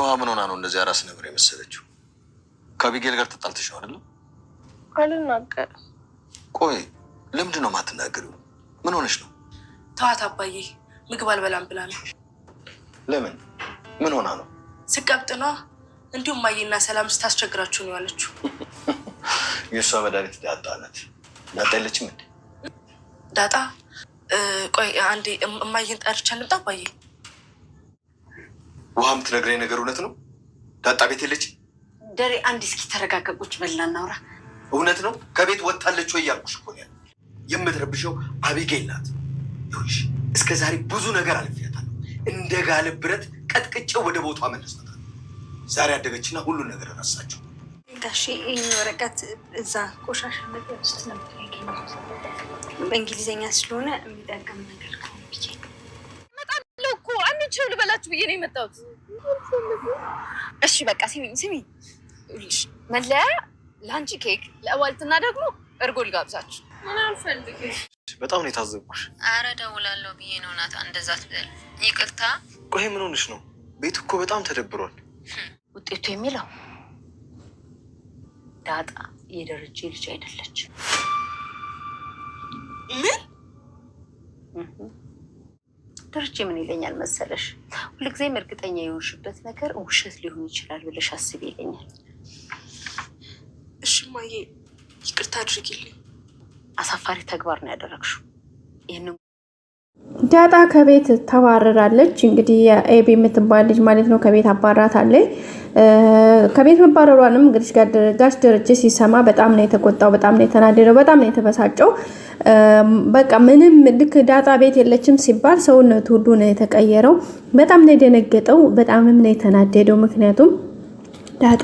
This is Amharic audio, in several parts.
ውሃ ምን ሆና ነው እንደዚህ አራስ ነገር የመሰለችው? ከቢጌል ጋር ተጣልተሽ ነው አልናገር። ቆይ ለምንድን ነው የማትናገሪው? ምን ሆነች ነው? ተዋት አባዬ፣ ምግብ አልበላም ብላ ነው። ለምን? ምን ሆና ነው? ስቀብጥ እንዲሁም ማየና ሰላም ስታስቸግራችሁ ነው ያለችው። የእሷ መድኃኒት ዳጣ ናት። ዳጣ የለችም እንዴ? ዳጣ ቆይ አንዴ እማየን ጠርቻ ልምጣ አባዬ ውሃ የምትነግረኝ ነገር እውነት ነው? ዳጣ ቤት የለች? ደሬ አንድ እስኪ ተረጋገቆች በላ እናውራ። እውነት ነው ከቤት ወጣለች ወይ ያልኩሽ እኮ ነው። የምትረብሸው አቢጌል ናት። ይሁንሽ እስከ ዛሬ ብዙ ነገር አልፌያታለሁ። እንደ ጋለ ብረት ቀጥቅጬው ወደ ቦቷ መለስታታል። ዛሬ አደገችና ሁሉን ነገር ረሳቸው። ጋሺ ይህን ወረቀት እዛ ቆሻሻ ነገር ውስጥ ነበር በእንግሊዝኛ ስለሆነ የሚጠቅም ነገር ልበላችሁ ብዬ ነው የመጣሁት። እሺ በቃ ስሚኝ ስሚኝ፣ መለያ ለአንቺ ኬክ፣ ለእዋልትና ደግሞ እርጎ ልጋብዛችሁ። በጣም ነው የታዘብኩሽ። አረ ደውላለሁ ብዬ ነው ናታ፣ እንደዛ ትበል። ይቅርታ። ቆይ ምን ሆንሽ ነው? ቤት እኮ በጣም ተደብሯል። ውጤቱ የሚለው ዳጣ የደረጀ ልጅ አይደለች። ምን ደረጀ ምን ይለኛል መሰለሽ ሁልጊዜም እርግጠኛ የሆንሽበት ነገር ውሸት ሊሆን ይችላል ብለሽ አስብ ይለኛል። እሽማዬ ይቅርታ አድርጊልኝ። አሳፋሪ ተግባር ነው ያደረግሽው ይህንን ዳጣ ከቤት ተባረራለች። እንግዲህ የኤቢ የምትባል ልጅ ማለት ነው ከቤት አባራታለች። ከቤት መባረሯንም እንግዲህ ጋሽ ደረጀ ሲሰማ በጣም ነው የተቆጣው፣ በጣም ነው የተናደደው፣ በጣም ነው የተበሳጨው። በቃ ምንም ልክ ዳጣ ቤት የለችም ሲባል ሰውነቱ ሁሉ ነው የተቀየረው። በጣም ነው የደነገጠው፣ በጣምም ነው የተናደደው ምክንያቱም ዳጣ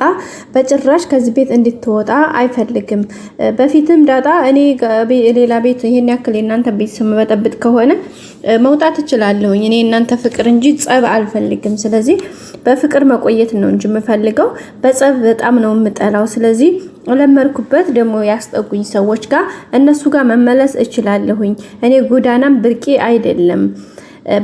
በጭራሽ ከዚህ ቤት እንድትወጣ አይፈልግም። በፊትም ዳጣ እኔ ሌላ ቤት ይሄን ያክል የእናንተ ቤት ስመበጠብጥ ከሆነ መውጣት እችላለሁኝ፣ እኔ እናንተ ፍቅር እንጂ ጸብ አልፈልግም። ስለዚህ በፍቅር መቆየት ነው እንጂ የምፈልገው በጸብ በጣም ነው የምጠላው። ስለዚህ ለመርኩበት ደግሞ ያስጠጉኝ ሰዎች ጋር እነሱ ጋር መመለስ እችላለሁኝ። እኔ ጎዳናም ብርቄ አይደለም።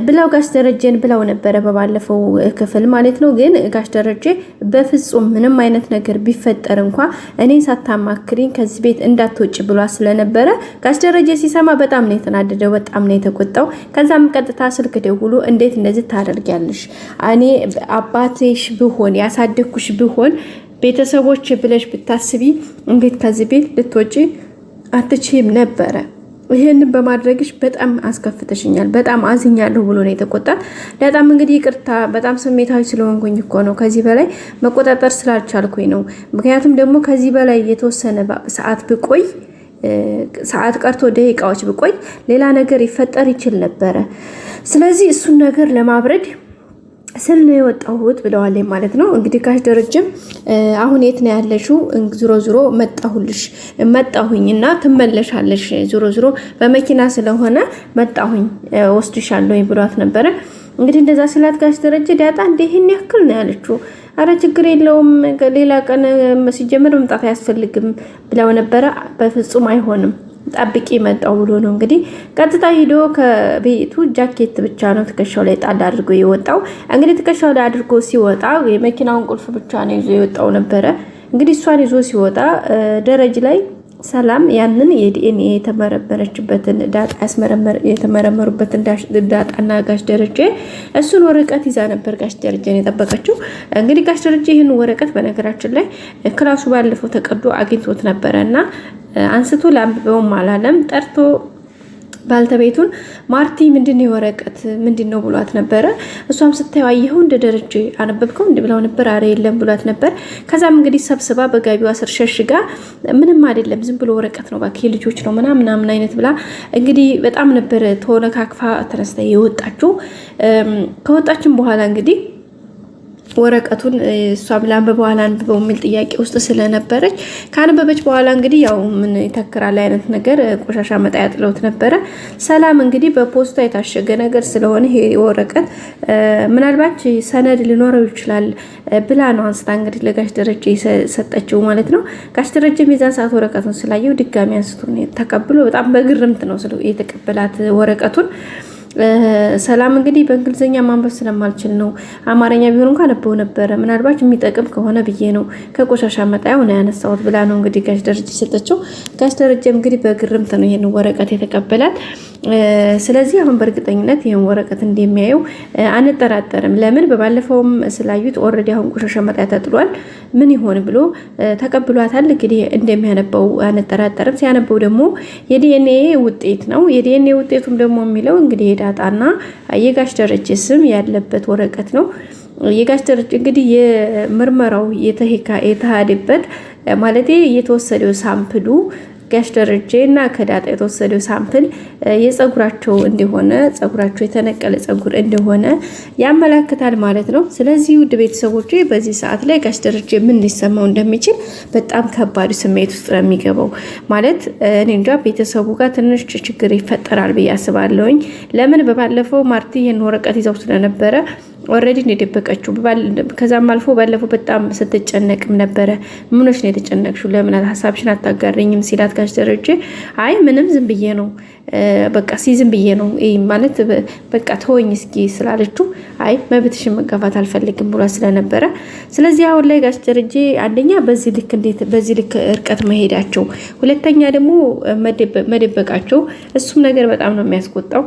ብላው ጋሽ ደረጀን ብላው ነበረ በባለፈው ክፍል ማለት ነው። ግን ጋሽ ደረጀ በፍጹም ምንም አይነት ነገር ቢፈጠር እንኳ እኔን ሳታማክሪኝ ከዚህ ቤት እንዳትወጭ ብሏ ስለነበረ ጋሽ ደረጀ ሲሰማ በጣም ነው የተናደደው፣ በጣም ነው የተቆጣው። ከዛም ቀጥታ ስልክ ደውሎ እንዴት እንደዚህ ታደርጊያለሽ? እኔ አባቴሽ ብሆን ያሳደግኩሽ ብሆን ቤተሰቦች ብለሽ ብታስቢ እንዴት ከዚህ ቤት ልትወጪ አትችም ነበረ ይህንን በማድረግሽ በጣም አስከፍተሽኛል፣ በጣም አዝኛለሁ ብሎ ነው የተቆጣት። በጣም እንግዲህ ይቅርታ፣ በጣም ስሜታዊ ስለሆንኩኝ እኮ ነው፣ ከዚህ በላይ መቆጣጠር ስላልቻልኩኝ ነው። ምክንያቱም ደግሞ ከዚህ በላይ የተወሰነ ሰዓት ብቆይ ሰዓት ቀርቶ ደቂቃዎች ብቆይ ሌላ ነገር ይፈጠር ይችል ነበረ። ስለዚህ እሱን ነገር ለማብረድ ስል ነው የወጣሁት ብለዋል ማለት ነው። እንግዲህ ጋሽ ደረጀም አሁን የት ነው ያለሽው? ዞሮ ዞሮ መጣሁልሽ መጣሁኝ እና ትመለሻለሽ። ዞሮ ዞሮ በመኪና ስለሆነ መጣሁኝ ወስድሻለሁ ብሏት ነበረ። እንግዲህ እንደዛ ስላት ጋሽ ደረጀ ዳጣ እንደ ይህን ያክል ነው ያለችው። አረ ችግር የለውም ሌላ ቀን ሲጀምር መምጣት አያስፈልግም ብለው ነበረ። በፍጹም አይሆንም ጠብቂ መጣው ብሎ ነው እንግዲህ ቀጥታ ሂዶ ከቤቱ ጃኬት ብቻ ነው ትከሻው ላይ ጣል አድርጎ የወጣው። እንግዲህ ትከሻው ላይ አድርጎ ሲወጣ የመኪናውን ቁልፍ ብቻ ነው ይዞ የወጣው ነበረ። እንግዲህ እሷን ይዞ ሲወጣ ደረጅ ላይ ሰላም ያንን የዲኤንኤ የተመረመረችበትን ዳጣ የተመረመሩበትን ዳጣና ጋሽ ደረጀ እሱን ወረቀት ይዛ ነበር ጋሽ ደረጀን የጠበቀችው። እንግዲህ ጋሽ ደረጀ ይህን ወረቀት በነገራችን ላይ ክላሱ ባለፈው ተቀዶ አግኝቶት ነበረ እና አንስቶ ላንብበውም አላለም። ጠርቶ ባልተቤቱን ማርቲ ምንድን ነው የወረቀት ምንድን ነው ብሏት ነበረ። እሷም ስታየው አየኸው እንደ ደረጀ አነበብከው እንዲ ብለው ነበር። አረ የለም ብሏት ነበር። ከዛም እንግዲህ ሰብስባ በጋቢዋ ስር ሸሽጋ ምንም አይደለም ዝም ብሎ ወረቀት ነው እባክህ ልጆች ነው ምናምን ምናምን አይነት ብላ እንግዲህ በጣም ነበረ ተወነካክፋ ተነስታ የወጣችው። ከወጣችን በኋላ እንግዲህ ወረቀቱን እሷም ለአንብበው አንብበው የሚል ጥያቄ ውስጥ ስለነበረች ካነበበች በኋላ እንግዲህ ያው ምን ይተክራል አይነት ነገር ቆሻሻ መጣያ ጥለውት ነበረ። ሰላም እንግዲህ በፖስታ የታሸገ ነገር ስለሆነ ይሄ ወረቀት ምናልባት ሰነድ ሊኖረው ይችላል ብላ ነው አንስታ እንግዲህ ለጋሽ ደረጀ ሰጠችው ማለት ነው። ጋሽ ደረጀ የዛን ሰዓት ወረቀቱን ስላየው ድጋሚ አንስቶ ተቀብሎ በጣም በግርምት ነው የተቀበላት ወረቀቱን ሰላም እንግዲህ በእንግሊዝኛ ማንበብ ስለማልችል ነው። አማርኛ ቢሆን እንኳ ነበው ነበረ፣ ምናልባት የሚጠቅም ከሆነ ብዬ ነው ከቆሻሻ መጣ ሆነ ያነሳሁት ብላ ነው እንግዲህ ጋሽ ደረጀ የሰጠችው። ጋሽ ደረጀም እንግዲህ በግርምት ነው ይሄን ወረቀት የተቀበላል። ስለዚህ አሁን በእርግጠኝነት ይህን ወረቀት እንደሚያየው አንጠራጠርም። ለምን በባለፈውም ስላዩት ኦልሬዲ አሁን ቆሻሻ መጣ ተጥሏል፣ ምን ይሆን ብሎ ተቀብሏታል። እንግዲህ እንደሚያነባው አንጠራጠርም። ሲያነበው ደግሞ የዲኤንኤ ውጤት ነው። የዲኤንኤ ውጤቱም ደግሞ የሚለው እንግዲህ ዳጣና የጋሽ ደረጀ ስም ያለበት ወረቀት ነው። የጋሽ ደረጀ እንግዲህ የምርመራው የተሄካ የተሃደበት ማለት የተወሰደው ሳምፕሉ ጋሽ ደረጀ እና ከዳጣ የተወሰደው ሳምፕል የጸጉራቸው እንደሆነ ጸጉራቸው የተነቀለ ጸጉር እንደሆነ ያመላክታል ማለት ነው። ስለዚህ ውድ ቤተሰቦች በዚህ ሰዓት ላይ ጋሽ ደረጀ ምን ሊሰማው እንደሚችል በጣም ከባዱ ስሜት ውስጥ ነው የሚገባው። ማለት እኔ እንጃ ቤተሰቡ ጋር ትንሽ ችግር ይፈጠራል ብዬ አስባለሁኝ። ለምን በባለፈው ማርቲ ይህን ወረቀት ይዘው ስለነበረ ኦልሬዲ ነው የደበቀችው። ከዛም አልፎ ባለፈው በጣም ስትጨነቅም ነበረ። ምኖች ነው የተጨነቅሽው? ለምን ሀሳብሽን አታጋረኝም? ሲላት ጋሽ ደረጀ አይ ምንም ዝም ብዬ ነው በቃ ሲ ዝም ብዬ ነው ማለት በቃ ተወኝ እስኪ ስላለችው አይ መብትሽን መጋፋት አልፈልግም ብሏ ስለነበረ ስለዚህ አሁን ላይ ጋሽ ደረጀ አንደኛ በዚህ ልክ እንዴት በዚህ ልክ እርቀት መሄዳቸው፣ ሁለተኛ ደግሞ መደበቃቸው እሱም ነገር በጣም ነው የሚያስቆጣው።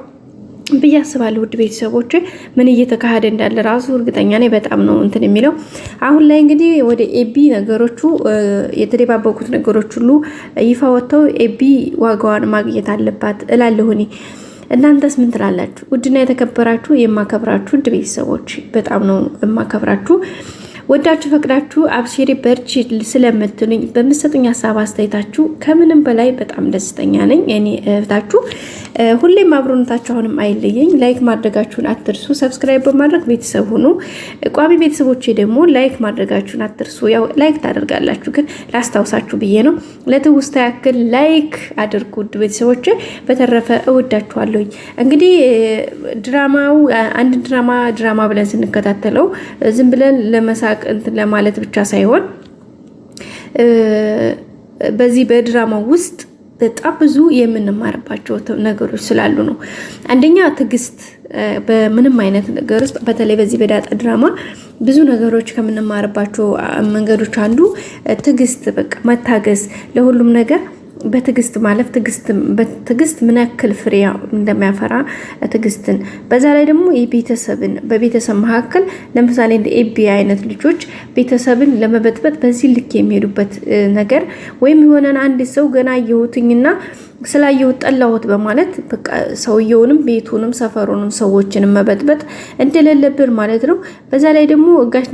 ብዬ አስባለሁ። ውድ ቤተሰቦች ምን እየተካሄደ እንዳለ ራሱ እርግጠኛ ነኝ። በጣም ነው እንትን የሚለው አሁን ላይ እንግዲህ ወደ ኤቢ ነገሮቹ የተደባበቁት ነገሮች ሁሉ ይፋ ወጥተው ኤቢ ዋጋዋን ማግኘት አለባት እላለሁ እኔ። እናንተስ ምን ትላላችሁ? ውድና የተከበራችሁ የማከብራችሁ ውድ ቤተሰቦች በጣም ነው የማከብራችሁ። ወዳችሁ ፈቅዳችሁ አብሽሪ በርቺ ስለምትሉኝ በምሰጡኝ ሀሳብ አስተያየታችሁ ከምንም በላይ በጣም ደስተኛ ነኝ። እኔ እህታችሁ ሁሌም አብሮነታችሁ አሁንም አይለየኝ። ላይክ ማድረጋችሁን አትርሱ። ሰብስክራይብ በማድረግ ቤተሰብ ሁኑ። ቋሚ ቤተሰቦቼ ደግሞ ላይክ ማድረጋችሁን አትርሱ። ያው ላይክ ታደርጋላችሁ፣ ግን ላስታውሳችሁ ብዬ ነው። ለትውስታ ያክል ላይክ አድርጉ ውድ በተረፈ እወዳችኋለሁኝ። እንግዲህ ድራማው አንድ ድራማ ድራማ ብለን ስንከታተለው ዝም ብለን ለመሳ እንትን ለማለት ብቻ ሳይሆን በዚህ በድራማው ውስጥ በጣም ብዙ የምንማርባቸው ነገሮች ስላሉ ነው። አንደኛ ትዕግስት፣ በምንም አይነት ነገር ውስጥ በተለይ በዚህ በዳጣ ድራማ ብዙ ነገሮች ከምንማርባቸው መንገዶች አንዱ ትዕግስት፣ በቃ መታገስ ለሁሉም ነገር በትዕግስት ማለፍ ትዕግስት ምን ያክል ፍሬ እንደሚያፈራ ትዕግስትን፣ በዛ ላይ ደግሞ የቤተሰብን በቤተሰብ መካከል ለምሳሌ እንደ ኤቢ አይነት ልጆች ቤተሰብን ለመበጥበጥ በዚህ ልክ የሚሄዱበት ነገር ወይም የሆነን አንድ ሰው ገና እየሁትኝና ስላየሁት ጠላሁት በማለት በቃ ሰውየውንም ቤቱንም ሰፈሩንም ሰዎችንም መበጥበጥ እንደሌለብን ማለት ነው። በዛ ላይ ደግሞ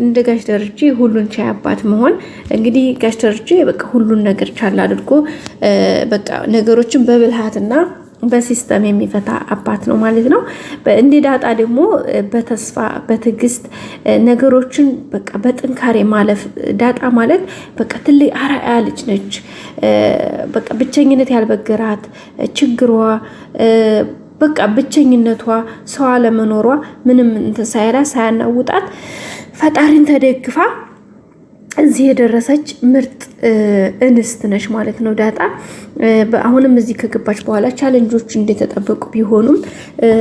እንደ ጋሽ ደረጀ ሁሉን ቻይ አባት መሆን እንግዲህ ጋሽ ደረጀ በቃ ሁሉን ነገር ቻል አድርጎ በቃ ነገሮችን በብልሃትና በሲስተም የሚፈታ አባት ነው ማለት ነው። እንደ ዳጣ ደግሞ በተስፋ በትዕግስት ነገሮችን በቃ በጥንካሬ ማለፍ። ዳጣ ማለት በቃ ትልቅ አርአያ ልጅ ነች። በቃ ብቸኝነት ያልበገራት ችግሯ በቃ ብቸኝነቷ ሰው አለመኖሯ ምንም እንትን ሳይላ ሳያናውጣት ፈጣሪን ተደግፋ እዚህ የደረሰች ምርጥ እንስት ነች ማለት ነው ዳጣ። አሁንም እዚህ ከገባች በኋላ ቻለንጆች እንደተጠበቁ ቢሆኑም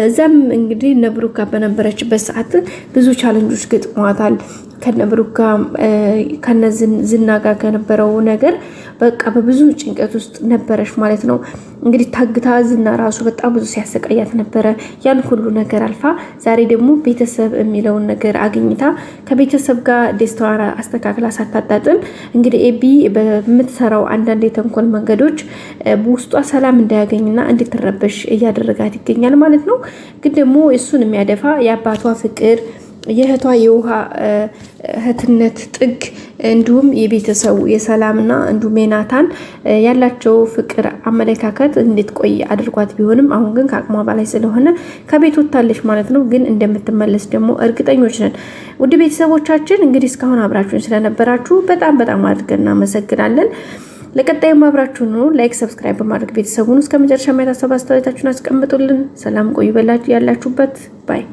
እዛም እንግዲህ ነብሩካ በነበረችበት ሰዓት ብዙ ቻለንጆች ገጥሟታል። ከነብሩካ ጋር ከነ ዝና ጋር ከነበረው ነገር በቃ በብዙ ጭንቀት ውስጥ ነበረች ማለት ነው። እንግዲህ ታግታ ዝና ራሱ በጣም ብዙ ሲያሰቃያት ነበረ። ያን ሁሉ ነገር አልፋ ዛሬ ደግሞ ቤተሰብ የሚለውን ነገር አግኝታ ከቤተሰብ ጋር ደስታዋን አስተካክላ ሳታጣጥም እንግዲህ ኤቢ በምትሰራው አንዳንድ የተንኮል መንገዶች በውስጧ ሰላም እንዳያገኝና እንድትረበሽ እያደረጋት ይገኛል ማለት ነው። ግን ደግሞ እሱን የሚያደፋ የአባቷ ፍቅር የእህቷ የውሃ እህትነት ጥግ እንዲሁም የቤተሰቡ የሰላምና እንዲሁም የናታን ያላቸው ፍቅር አመለካከት እንዴት ቆይ አድርጓት ቢሆንም አሁን ግን ከአቅሟ በላይ ስለሆነ ከቤት ወታለች ማለት ነው። ግን እንደምትመለስ ደግሞ እርግጠኞች ነን። ውድ ቤተሰቦቻችን እንግዲህ እስካሁን አብራችሁን ስለነበራችሁ በጣም በጣም አድርገን እናመሰግናለን። ለቀጣዩ አብራችሁ ኑ። ላይክ፣ ሰብስክራይብ በማድረግ ቤተሰቡን እስከ መጨረሻ ማየት አሰብ አስተያየታችሁን አስቀምጡልን። ሰላም ቆዩ በላችሁ ያላችሁበት ባይ